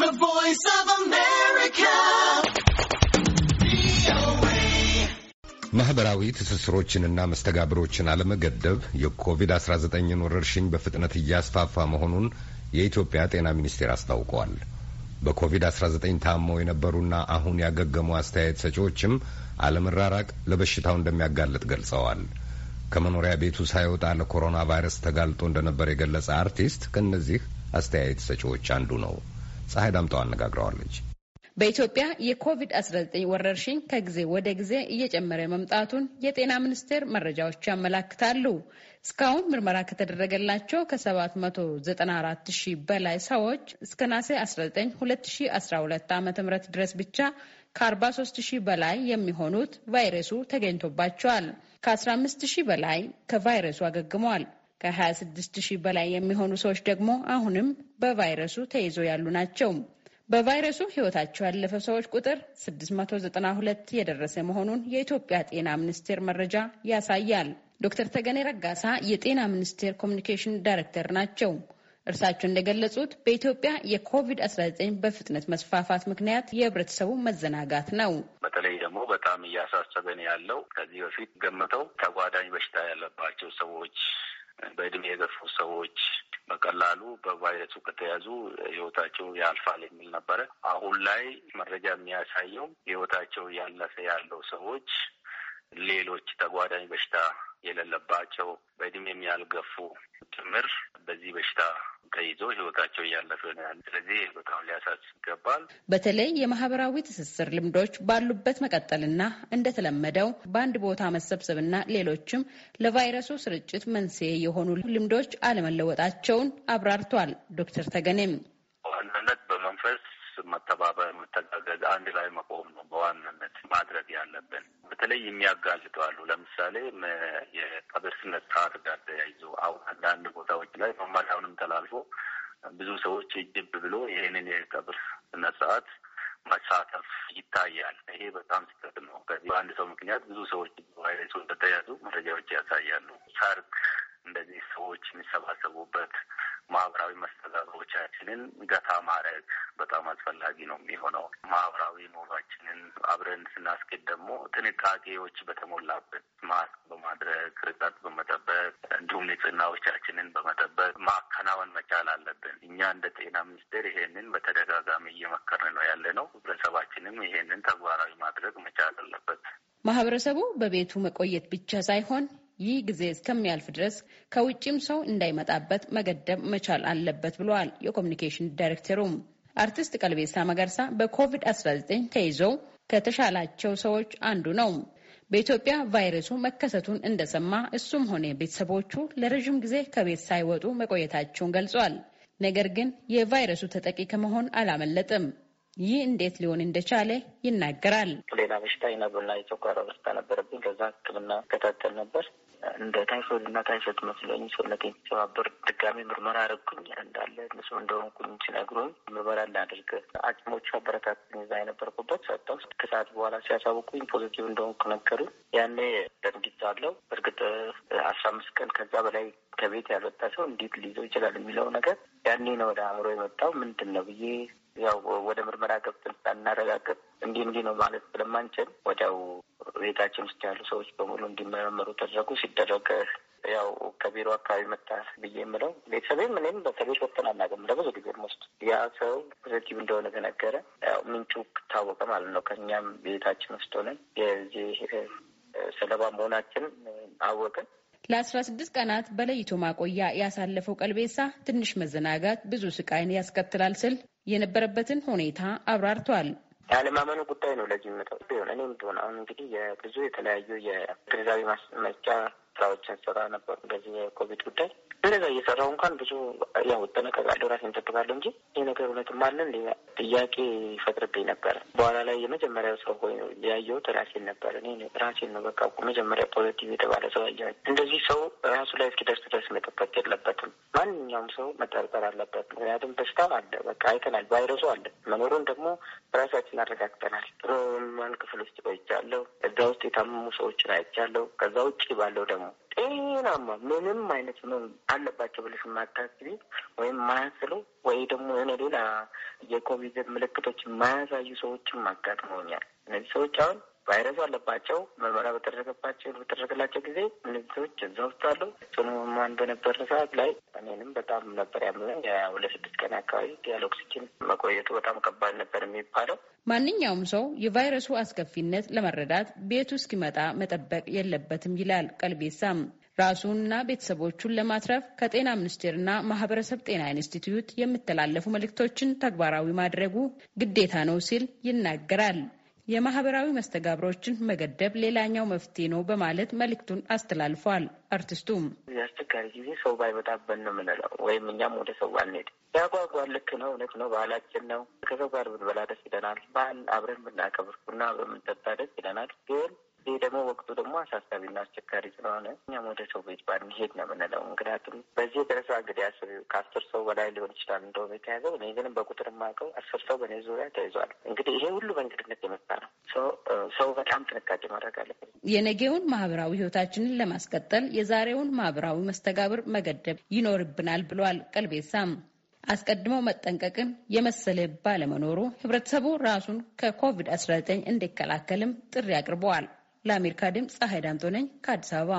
The Voice of America. ማህበራዊ ትስስሮችንና መስተጋብሮችን አለመገደብ የኮቪድ-19ን ወረርሽኝ በፍጥነት እያስፋፋ መሆኑን የኢትዮጵያ ጤና ሚኒስቴር አስታውቋል። በኮቪድ በኮቪድ-19 ታመው የነበሩና አሁን ያገገሙ አስተያየት ሰጪዎችም አለመራራቅ ለበሽታው እንደሚያጋልጥ ገልጸዋል። ከመኖሪያ ቤቱ ሳይወጣ ለኮሮና ቫይረስ ተጋልጦ እንደነበር የገለጸ አርቲስት ከእነዚህ አስተያየት ሰጪዎች አንዱ ነው። ፀሐይ ዳምጠው አነጋግረዋለች። በኢትዮጵያ የኮቪድ-19 ወረርሽኝ ከጊዜ ወደ ጊዜ እየጨመረ መምጣቱን የጤና ሚኒስቴር መረጃዎች ያመላክታሉ። እስካሁን ምርመራ ከተደረገላቸው ከ794 ሺህ በላይ ሰዎች እስከ ናሴ 19 2012 ዓ ም ድረስ ብቻ ከ43 ሺህ በላይ የሚሆኑት ቫይረሱ ተገኝቶባቸዋል። ከ15 ሺህ በላይ ከቫይረሱ አገግመዋል። ከ26 ሺህ በላይ የሚሆኑ ሰዎች ደግሞ አሁንም በቫይረሱ ተይዘው ያሉ ናቸው። በቫይረሱ ህይወታቸው ያለፈ ሰዎች ቁጥር 692 የደረሰ መሆኑን የኢትዮጵያ ጤና ሚኒስቴር መረጃ ያሳያል። ዶክተር ተገኔ ረጋሳ የጤና ሚኒስቴር ኮሚኒኬሽን ዳይሬክተር ናቸው። እርሳቸው እንደገለጹት በኢትዮጵያ የኮቪድ-19 በፍጥነት መስፋፋት ምክንያት የህብረተሰቡ መዘናጋት ነው። በተለይ ደግሞ በጣም እያሳሰበን ያለው ከዚህ በፊት ገምተው ተጓዳኝ በሽታ ያለባቸው ሰዎች በእድሜ የገፉ ሰዎች በቀላሉ በቫይረሱ ከተያዙ ህይወታቸው ያልፋል የሚል ነበረ። አሁን ላይ መረጃ የሚያሳየው ህይወታቸው ያለፈ ያለው ሰዎች ሌሎች ተጓዳኝ በሽታ የሌለባቸው በእድሜም ያልገፉ ጭምር በዚህ በሽታ ተይዞ ህይወታቸው እያለፈ ነው ያለ። ስለዚህ በጣም ሊያሳስብ ይገባል። በተለይ የማህበራዊ ትስስር ልምዶች ባሉበት መቀጠልና እንደተለመደው በአንድ ቦታ መሰብሰብና ሌሎችም ለቫይረሱ ስርጭት መንስኤ የሆኑ ልምዶች አለመለወጣቸውን አብራርቷል ዶክተር ተገኔም በዋናነት በመንፈስ መተባበር፣ መተጋገዝ፣ አንድ ላይ መቆም ነው በዋናነት ማድረግ ያለብን። በተለይ የሚያጋልጡ ለምሳሌ የቀብር ስነ ስርዓት ጋር ተያይዞ አሁን አንዳንድ ቦታዎች ላይ መመሪያውንም ተላልፎ ብዙ ሰዎች እጅብ ብሎ ይህንን የቀብር ስነ ስርዓት መሳተፍ ይታያል። ይሄ በጣም ስህተት ነው። ከዚህ በአንድ ሰው ምክንያት ብዙ ሰዎች ቫይረሱ እንደተያዙ መረጃዎች ያሳያሉ። ሰርግ እንደዚህ ሰዎች የሚሰባሰቡበት ማህበራዊ መስተጋብሮቻችንን ገታ ማድረግ በጣም አስፈላጊ ነው የሚሆነው። ማህበራዊ ኑሯችንን አብረን ስናስኬድ ደግሞ ጥንቃቄዎች በተሞላበት ማስክ በማድረግ ርቀት በመጠበቅ እንዲሁም ንጽህናዎቻችንን በመጠበቅ ማከናወን መቻል አለብን። እኛ እንደ ጤና ሚኒስቴር ይሄንን በተደጋጋሚ እየመከርን ነው ያለ ነው። ህብረተሰባችንም ይሄንን ተግባራዊ ማድረግ መቻል አለበት። ማህበረሰቡ በቤቱ መቆየት ብቻ ሳይሆን ይህ ጊዜ እስከሚያልፍ ድረስ ከውጭም ሰው እንዳይመጣበት መገደብ መቻል አለበት ብለዋል የኮሚኒኬሽን ዳይሬክተሩም። አርቲስት ቀልቤሳ መገርሳ በኮቪድ-19 ተይዘው ከተሻላቸው ሰዎች አንዱ ነው። በኢትዮጵያ ቫይረሱ መከሰቱን እንደሰማ እሱም ሆነ ቤተሰቦቹ ለረዥም ጊዜ ከቤት ሳይወጡ መቆየታቸውን ገልጿል። ነገር ግን የቫይረሱ ተጠቂ ከመሆን አላመለጥም። ይህ እንዴት ሊሆን እንደቻለ ይናገራል። ሌላ በሽታ ይነብርና የጨጓራ በሽታ ነበረብኝ። ከዛ ሕክምና ከታተል ነበር እንደ ታይፎይድ እና ታይፎይድ መስለኝ ሰውነት የሚተባበር ድጋሚ ምርመራ አረግኩኝ እንዳለ ንሱ እንደሆንኩኝ ሲነግሩኝ ምርመራ እንዳደርግ አቅሞቹ አበረታትኝ። እዛ የነበርኩበት ሰጠው ከሰዓት በኋላ ሲያሳውቁኝ ፖዚቲቭ እንደሆንኩ ነገሩ። ያኔ ደንግጫ አለው። እርግጥ አስራ አምስት ቀን ከዛ በላይ ከቤት ያልወጣ ሰው እንዴት ሊይዘው ይችላል የሚለው ነገር ያኔ ነው ወደ አእምሮ የመጣው። ምንድን ነው ብዬ ያው ወደ ምርመራ ገብተን ሳናረጋግጥ እንዲህ እንዲህ ነው ማለት ስለማንችል ወዲያው ቤታችን ውስጥ ያሉ ሰዎች በሙሉ እንዲመረመሩ ተደረጉ። ሲደረግ ያው ከቢሮ አካባቢ መጣ ብዬ የምለው ቤተሰቤም እኔም በተቤት ወጥተን አናውቅም። ለብዙ ጊዜ ውስጥ ያ ሰው ፖዘቲቭ እንደሆነ ተነገረ። ያው ምንጩ ታወቀ ማለት ነው። ከእኛም ቤታችን ውስጥ ሆነን የዚህ ሰለባ መሆናችን አወቅን። ለአስራ ስድስት ቀናት በለይቶ ማቆያ ያሳለፈው ቀልቤሳ ትንሽ መዘናጋት ብዙ ስቃይን ያስከትላል ስል የነበረበትን ሁኔታ አብራርቷል። ያለማመኑ ጉዳይ ነው። ለዚህ የሚመጣው ሆነ እኔ ቢሆን አሁን እንግዲህ የብዙ የተለያዩ የግንዛቤ ማስመጫ ስራዎችን ሰራ ነበር። በዚህ የኮቪድ ጉዳይ እንደዛ እየሰራው እንኳን ብዙ ያው እጠነቀቃለሁ፣ ራሴን እጠብቃለሁ እንጂ ይህ ነገር እውነትም አለ እንደ ጥያቄ ይፈጥርብኝ ነበረ። በኋላ ላይ የመጀመሪያው ሰው ሆ ያየሁት ራሴን ነበር። እኔ ራሴን ነው በቃ መጀመሪያ ፖዘቲቭ የተባለ ሰው ያየ። እንደዚህ ሰው ራሱ ላይ እስኪደርስ ድረስ መጠበቅ የለበትም። ማንኛውም ሰው መጠርጠር አለበት። ምክንያቱም በሽታ አለ፣ በቃ አይተናል፣ ቫይረሱ አለ። መኖሩን ደግሞ ራሳችን አረጋግጠናል። ሮማን ክፍል ውስጥ ቆይቻለሁ። እዛ ውስጥ የታመሙ ሰዎችን አይቻለሁ። ከዛ ውጭ ባለው ደግሞ ነው ጤናማ ምንም አይነት ምም አለባቸው ብለሽ ማታስቢ ወይም ማያስለው ወይ ደግሞ የሆነ ሌላ የኮቪድ ምልክቶች የማያሳዩ ሰዎችም አጋጥመውኛል። እነዚህ ሰዎች አሁን ቫይረሱ አለባቸው። ምርመራ በተደረገባቸው በተደረገላቸው ጊዜ ምልክቶች እዛ ውስጥ አሉ። ጽኑ ህሙማን በነበረ ሰዓት ላይ እኔንም በጣም ነበር ያመመኝ። ለስድስት ቀን አካባቢ ያለ ኦክሲጅን መቆየቱ በጣም ከባድ ነበር የሚባለው። ማንኛውም ሰው የቫይረሱ አስከፊነት ለመረዳት ቤቱ እስኪመጣ መጠበቅ የለበትም ይላል ቀልቤሳም። ራሱንና ቤተሰቦቹን ለማትረፍ ከጤና ሚኒስቴርና ማህበረሰብ ጤና ኢንስቲትዩት የሚተላለፉ መልእክቶችን ተግባራዊ ማድረጉ ግዴታ ነው ሲል ይናገራል። የማህበራዊ መስተጋብሮችን መገደብ ሌላኛው መፍትሄ ነው በማለት መልእክቱን አስተላልፏል። አርቲስቱም የአስቸጋሪ ጊዜ ሰው ባይበጣበን ነው የምንለው ወይም እኛም ወደ ሰው አንሄድ ያጓጓል። ልክ ነው፣ እውነት ነው፣ ባህላችን ነው። ከሰው ጋር ብንበላ ደስ ይለናል። ባህል አብረን ብናከብር ቡና ብንጠጣ ደስ ይለናል ግን ይህ ደግሞ ወቅቱ ደግሞ አሳሳቢና አስቸጋሪ ስለሆነ እኛም ወደ ሰው ቤት ባንሄድ ነው የምንለው። ምክንያቱም በዚህ የተነሳ እንግዲህ አስር ከአስር ሰው በላይ ሊሆን ይችላል እንደውም የተያዘው። እኔ ግን በቁጥር የማውቀው አስር ሰው በእኔ ዙሪያ ተይዟል። እንግዲህ ይሄ ሁሉ በእንግድነት የመጣ ነው። ሰው በጣም ጥንቃቄ ማድረግ አለበት። የነገውን ማህበራዊ ህይወታችንን ለማስቀጠል የዛሬውን ማህበራዊ መስተጋብር መገደብ ይኖርብናል ብሏል ቀልቤሳም። አስቀድሞ መጠንቀቅን የመሰለ ባለመኖሩ ህብረተሰቡ ራሱን ከኮቪድ-19 እንዲከላከልም ጥሪ አቅርበዋል። ለአሜሪካ ድምፅ ፀሐይ ዳምጦ ነኝ ከአዲስ አበባ